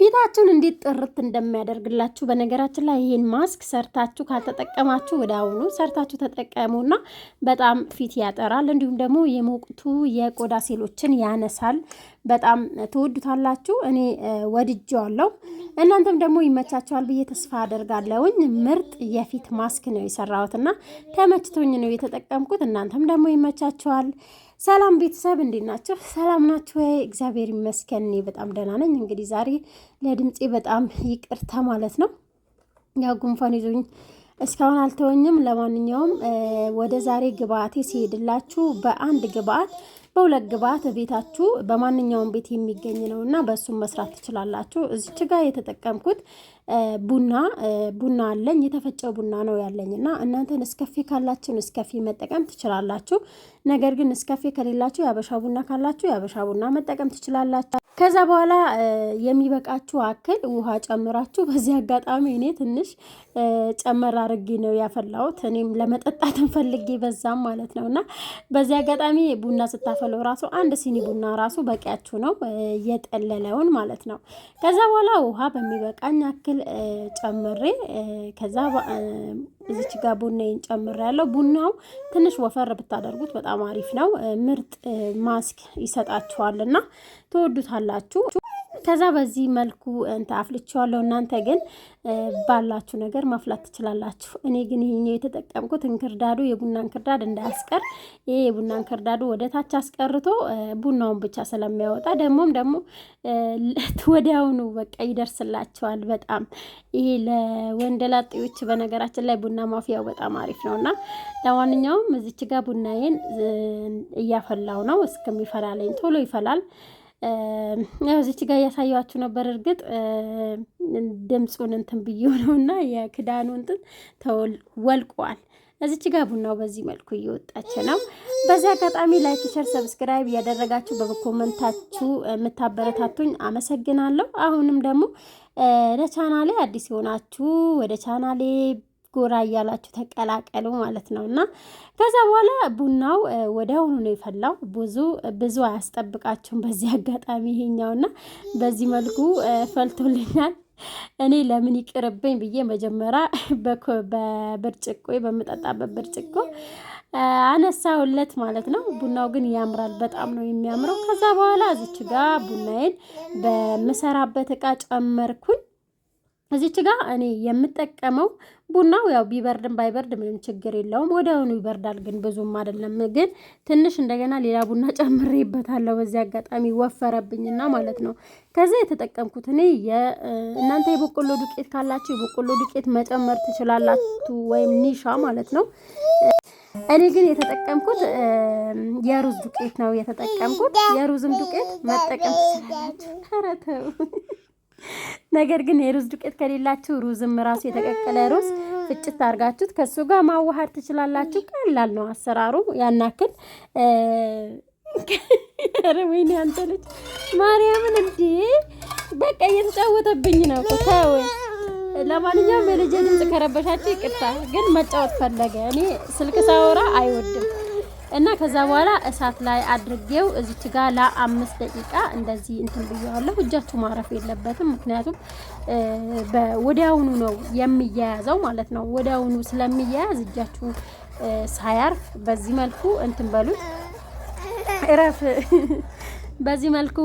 ፊታችሁን እንዴት ጥርት እንደሚያደርግላችሁ። በነገራችን ላይ ይህን ማስክ ሰርታችሁ ካልተጠቀማችሁ ወደ አሁኑ ሰርታችሁ ተጠቀሙና በጣም ፊት ያጠራል፣ እንዲሁም ደግሞ የሞቅቱ የቆዳ ሴሎችን ያነሳል። በጣም ትወዱታላችሁ። እኔ ወድጄዋለሁ፣ እናንተም ደግሞ ይመቻቸዋል ብዬ ተስፋ አደርጋለሁኝ። ምርጥ የፊት ማስክ ነው የሰራሁትና ተመችቶኝ ነው የተጠቀምኩት። እናንተም ደግሞ ይመቻቸዋል። ሰላም ቤተሰብ እንዴት ናችሁ! ሰላም ናችሁ? እግዚአብሔር ይመስገን እኔ በጣም ደህና ነኝ። እንግዲህ ዛሬ ለድምፄ በጣም ይቅርታ ማለት ነው፣ ያ ጉንፋን ይዞኝ እስካሁን አልተወኝም። ለማንኛውም ወደ ዛሬ ግብአቴ ሲሄድላችሁ በአንድ ግብአት በሁለት ግባት ቤታችሁ በማንኛውም ቤት የሚገኝ ነው እና በእሱም መስራት ትችላላችሁ። እዚች ጋር የተጠቀምኩት ቡና ቡና አለኝ የተፈጨ ቡና ነው ያለኝ እና እናንተ ነስካፌ ካላችሁ ነስካፌ መጠቀም ትችላላችሁ። ነገር ግን እስከፊ ከሌላችሁ የአበሻ ቡና ካላችሁ የአበሻ ቡና መጠቀም ትችላላችሁ። ከዛ በኋላ የሚበቃችሁ አክል ውሃ ጨምራችሁ። በዚህ አጋጣሚ እኔ ትንሽ ጨመር አድርጌ ነው ያፈላሁት፣ እኔም ለመጠጣትም ፈልጌ በዛም ማለት ነው። እና በዚህ አጋጣሚ ቡና ስታፈለው ራሱ አንድ ሲኒ ቡና ራሱ በቂያችሁ ነው፣ የጠለለውን ማለት ነው። ከዛ በኋላ ውሃ በሚበቃኝ አክል ጨምሬ ከዛ እዚች ቡና ቡናዬን ያለው ቡናው ትንሽ ወፈር ብታደርጉት በጣም አሪፍ ነው። ምርጥ ማስክ ይሰጣችኋልና ትወዱታላችሁ። ከዛ በዚህ መልኩ እንትን አፍልቼዋለሁ። እናንተ ግን ባላችሁ ነገር ማፍላት ትችላላችሁ። እኔ ግን ይሄኛው የተጠቀምኩት እንክርዳዱ የቡና እንክርዳድ እንዳያስቀር ይሄ የቡና እንክርዳዱ ወደ ታች አስቀርቶ ቡናውን ብቻ ስለሚያወጣ ደግሞም ደግሞ ወዲያውኑ በቃ ይደርስላቸዋል። በጣም ይሄ ለወንደላጤዎች በነገራችን ላይ ቡና ማፍያው በጣም አሪፍ ነው እና ለማንኛውም እዚች ጋር ቡናዬን እያፈላው ነው። እስከሚፈላለኝ ቶሎ ይፈላል። ያው እዚች ጋር እያሳየዋችሁ ነበር። እርግጥ ድምፁን እንትን ብዬ ነው እና የክዳኑ እንትን ተወልቋል። እዚች ጋር ቡናው በዚህ መልኩ እየወጣች ነው። በዚህ አጋጣሚ ላይክ፣ ሸር፣ ሰብስክራይብ እያደረጋችሁ በኮመንታችሁ የምታበረታቱኝ አመሰግናለሁ። አሁንም ደግሞ ለቻናሌ አዲስ የሆናችሁ ወደ ቻናሌ ጎራ እያላችሁ ተቀላቀሉ ማለት ነው። እና ከዛ በኋላ ቡናው ወዲያውኑ ነው የፈላው። ብዙ ብዙ አያስጠብቃችሁም። በዚህ አጋጣሚ ይሄኛውና በዚህ መልኩ ፈልቶልኛል። እኔ ለምን ይቅርብኝ ብዬ መጀመሪያ በብርጭቆ በምጠጣበት ብርጭቆ አነሳውለት ማለት ነው። ቡናው ግን ያምራል፣ በጣም ነው የሚያምረው። ከዛ በኋላ እዚች ጋር ቡናዬን በምሰራበት እቃ ጨመርኩኝ። እዚች ጋር እኔ የምጠቀመው ቡናው ያው ቢበርድም ባይበርድ ምንም ችግር የለውም። ወዲያውኑ ይበርዳል፣ ግን ብዙም አይደለም። ግን ትንሽ እንደገና ሌላ ቡና ጨምሬበታለሁ። በዚህ አጋጣሚ ወፈረብኝና ማለት ነው። ከዚያ የተጠቀምኩት እኔ እናንተ የበቆሎ ዱቄት ካላችሁ የበቆሎ ዱቄት መጨመር ትችላላችሁ፣ ወይም ኒሻ ማለት ነው። እኔ ግን የተጠቀምኩት የሩዝ ዱቄት ነው የተጠቀምኩት። የሩዝም ዱቄት መጠቀም ትችላላችሁ። ኧረ ተው ነገር ግን የሩዝ ዱቄት ከሌላችሁ ሩዝም ራሱ የተቀቀለ ሩዝ ፍጭት አድርጋችሁት ከእሱ ጋር ማዋሃድ ትችላላችሁ። ቀላል ነው አሰራሩ ያናክል ኧረ ወይኔ አንተ ልጅ ማርያምን እንዴ! በቃ እየተጫወተብኝ ነው። ተው። ለማንኛውም የልጄ ድምፅ ከረበሻችሁ ይቅርታ፣ ግን መጫወት ፈለገ። እኔ ስልክ ሳወራ አይወድም። እና ከዛ በኋላ እሳት ላይ አድርጌው እዚች ጋር ለአምስት ደቂቃ እንደዚህ እንትን ብያዋለሁ። እጃችሁ ማረፍ የለበትም ምክንያቱም ወዲያውኑ ነው የሚያያዘው ማለት ነው። ወዲያውኑ ስለሚያያዝ እጃችሁ ሳያርፍ በዚህ መልኩ እንትን በሉት እረፍ በዚህ መልኩ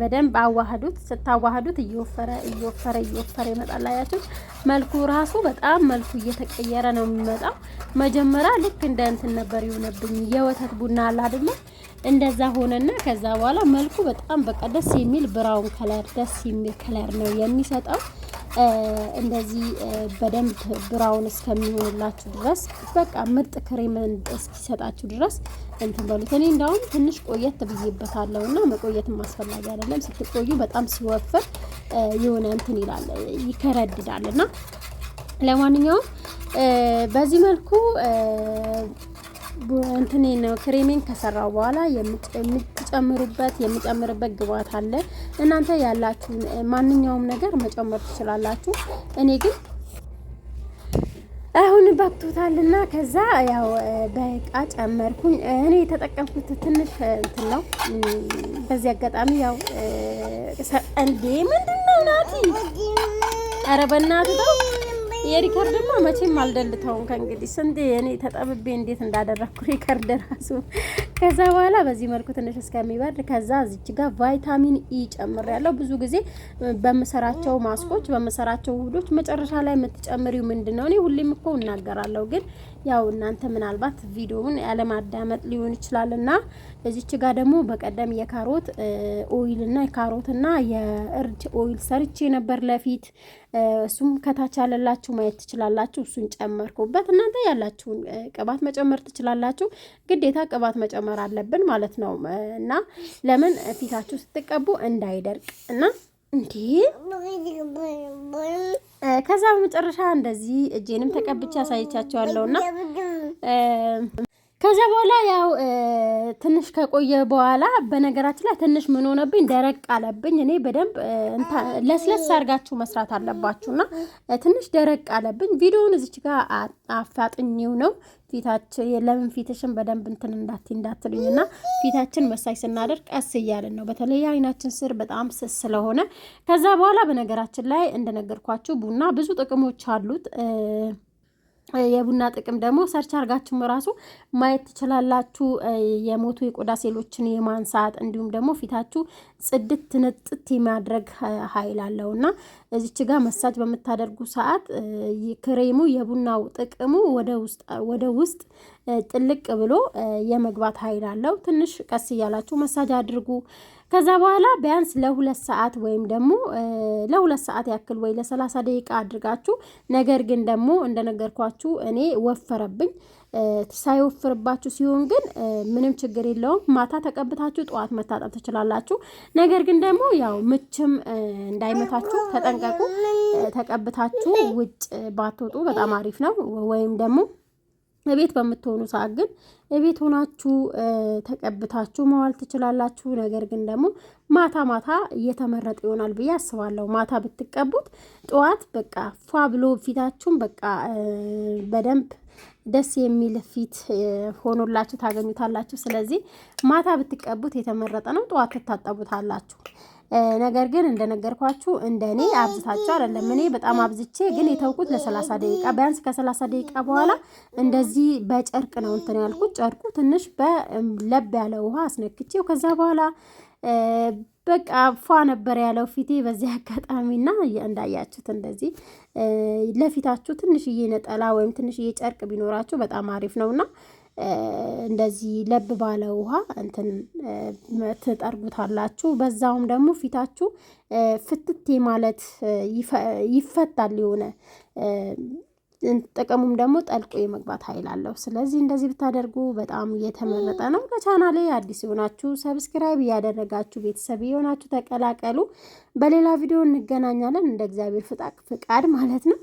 በደንብ አዋህዱት። ስታዋህዱት እየወፈረ እየወፈረ እየወፈረ ይመጣል። አያችሁ መልኩ ራሱ በጣም መልኩ እየተቀየረ ነው የሚመጣው። መጀመሪያ ልክ እንደ እንትን ነበር የሆነብኝ የወተት ቡና አለ አይደለ? እንደዛ ሆነና ከዛ በኋላ መልኩ በጣም በቃ ደስ የሚል ብራውን ከለር ደስ የሚል ከለር ነው የሚሰጠው። እንደዚህ በደንብ ብራውን እስከሚሆንላችሁ ድረስ በቃ ምርጥ ክሬም እስኪሰጣችሁ ድረስ እንትን በሉት። እኔ እንዳውም ትንሽ ቆየት ብዬበታለሁ እና መቆየትም አስፈላጊ አይደለም። ስትቆዩ በጣም ሲወፍር የሆነ እንትን ይላል ይከረድዳል እና ለማንኛውም በዚህ መልኩ እንትኔ ነው ክሬሜን ከሰራው በኋላ የምትጨምሩበት የምጨምርበት ግብአት አለ። እናንተ ያላችሁን ማንኛውም ነገር መጨመር ትችላላችሁ። እኔ ግን አሁን ባክቶታል እና ከዛ ያው በቃ ጨመርኩኝ። እኔ የተጠቀምኩት ትንሽ እንትን ነው። በዚህ አጋጣሚ ያው እንዴ ምንድን ነው ናቲ፣ ኧረ በእናትህ ተው። የሪከርድማ መቼም አልደልተውም ከእንግዲህ ስንዴ እኔ ተጠብቤ እንዴት እንዳደረግኩ ሪከርድ ራሱ ከዛ በኋላ በዚህ መልኩ ትንሽ እስከሚበርድ ከዛ እዚች ጋር ቫይታሚን ኢ ጨምር ያለው ብዙ ጊዜ በምሰራቸው ማስኮች በምሰራቸው ውህዶች መጨረሻ ላይ የምትጨምሪው ምንድን ነው? እኔ ሁሌም እኮ እናገራለሁ፣ ግን ያው እናንተ ምናልባት ቪዲዮውን ያለማዳመጥ ሊሆን ይችላል እና እዚች ጋር ደግሞ በቀደም የካሮት ኦይል እና እና የእርድ ኦይል ሰርቼ ነበር ለፊት እሱም ከታች ያለላችሁ ማየት ትችላላችሁ። እሱን ጨመርኩበት። እናንተ ያላችሁን ቅባት መጨመር ትችላላችሁ። ግዴታ ቅባት መጨመር መጨመር አለብን ማለት ነው። እና ለምን ፊታችሁ ስትቀቡ እንዳይደርቅ እና እንዲህ ከዛ በመጨረሻ እንደዚህ እጄንም ተቀብቼ እና። ከዛ በኋላ ያው ትንሽ ከቆየ በኋላ በነገራችን ላይ ትንሽ ምን ሆነብኝ፣ ደረቅ አለብኝ። እኔ በደንብ ለስለስ አድርጋችሁ መስራት አለባችሁና ትንሽ ደረቅ አለብኝ። ቪዲዮውን እዚች ጋር አፋጥኝው ነው ፊታችን ለምን ፊትሽን በደንብ እንትን እንዳት እንዳትሉኝና ፊታችን መሳይ ስናደርግ ቀስ እያለን ነው። በተለይ አይናችን ስር በጣም ስስ ስለሆነ ከዛ በኋላ በነገራችን ላይ እንደነገርኳችሁ ቡና ብዙ ጥቅሞች አሉት። የቡና ጥቅም ደግሞ ሰርች አርጋችሁም ራሱ ማየት ትችላላችሁ። የሞቱ የቆዳ ሴሎችን የማንሳት እንዲሁም ደግሞ ፊታችሁ ጽድት ንጥት የማድረግ ኃይል አለው እና እዚች ጋር መሳጅ በምታደርጉ ሰዓት ክሬሙ የቡናው ጥቅሙ ወደ ውስጥ ጥልቅ ብሎ የመግባት ኃይል አለው። ትንሽ ቀስ እያላችሁ መሳጅ አድርጉ። ከዛ በኋላ ቢያንስ ለሁለት ሰዓት ወይም ደግሞ ለሁለት ሰዓት ያክል ወይ ለሰላሳ ደቂቃ አድርጋችሁ ነገር ግን ደግሞ እንደነገርኳችሁ እኔ ወፈረብኝ። ሳይወፍርባችሁ ሲሆን ግን ምንም ችግር የለውም። ማታ ተቀብታችሁ ጠዋት መታጠብ ትችላላችሁ። ነገር ግን ደግሞ ያው ምችም እንዳይመታችሁ ተጠንቀቁ። ተቀብታችሁ ውጭ ባትወጡ በጣም አሪፍ ነው ወይም ደግሞ እቤት በምትሆኑ ሰዓት ግን እቤት ሆናችሁ ተቀብታችሁ መዋል ትችላላችሁ። ነገር ግን ደግሞ ማታ ማታ እየተመረጠ ይሆናል ብዬ አስባለሁ። ማታ ብትቀቡት ጠዋት በቃ ፏ ብሎ ፊታችሁን በቃ በደንብ ደስ የሚል ፊት ሆኖላችሁ ታገኙታላችሁ። ስለዚህ ማታ ብትቀቡት የተመረጠ ነው። ጠዋት ትታጠቡታላችሁ። ነገር ግን እንደነገርኳችሁ እንደኔ አብዝታችሁ አይደለም። እኔ በጣም አብዝቼ ግን የተውኩት ለሰላሳ ደቂቃ ቢያንስ ከሰላሳ ደቂቃ በኋላ እንደዚህ በጨርቅ ነው እንትን ያልኩት። ጨርቁ ትንሽ በለብ ያለ ውሃ አስነክቼው ከዛ በኋላ በቃ ፏ ነበር ያለው ፊቴ በዚህ አጋጣሚና እንዳያችሁት እንደዚህ ለፊታችሁ ትንሽዬ ነጠላ ወይም ትንሽዬ ጨርቅ ቢኖራችሁ በጣም አሪፍ ነውና እንደዚህ ለብ ባለ ውሃ እንትን ትጠርጉታላችሁ። በዛውም ደግሞ ፊታችሁ ፍትቴ ማለት ይፈታል። የሆነ ጥቅሙም ደግሞ ጠልቆ የመግባት ኃይል አለው። ስለዚህ እንደዚህ ብታደርጉ በጣም እየተመረጠ ነው። ለቻናሌ አዲስ የሆናችሁ ሰብስክራይብ እያደረጋችሁ ቤተሰብ የሆናችሁ ተቀላቀሉ። በሌላ ቪዲዮ እንገናኛለን፣ እንደ እግዚአብሔር ፍጣቅ ፍቃድ ማለት ነው።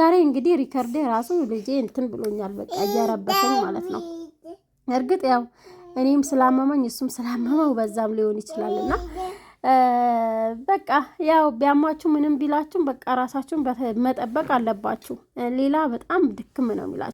ዛሬ እንግዲህ ሪከርዴ ራሱ ልጄ እንትን ብሎኛል፣ በቃ እያረበትም ማለት ነው። እርግጥ ያው እኔም ስላመመኝ እሱም ስላመመው በዛም ሊሆን ይችላል እና በቃ ያው ቢያማችሁ ምንም ቢላችሁም በቃ ራሳችሁን መጠበቅ አለባችሁ። ሌላ በጣም ድክም ነው የሚላችሁ።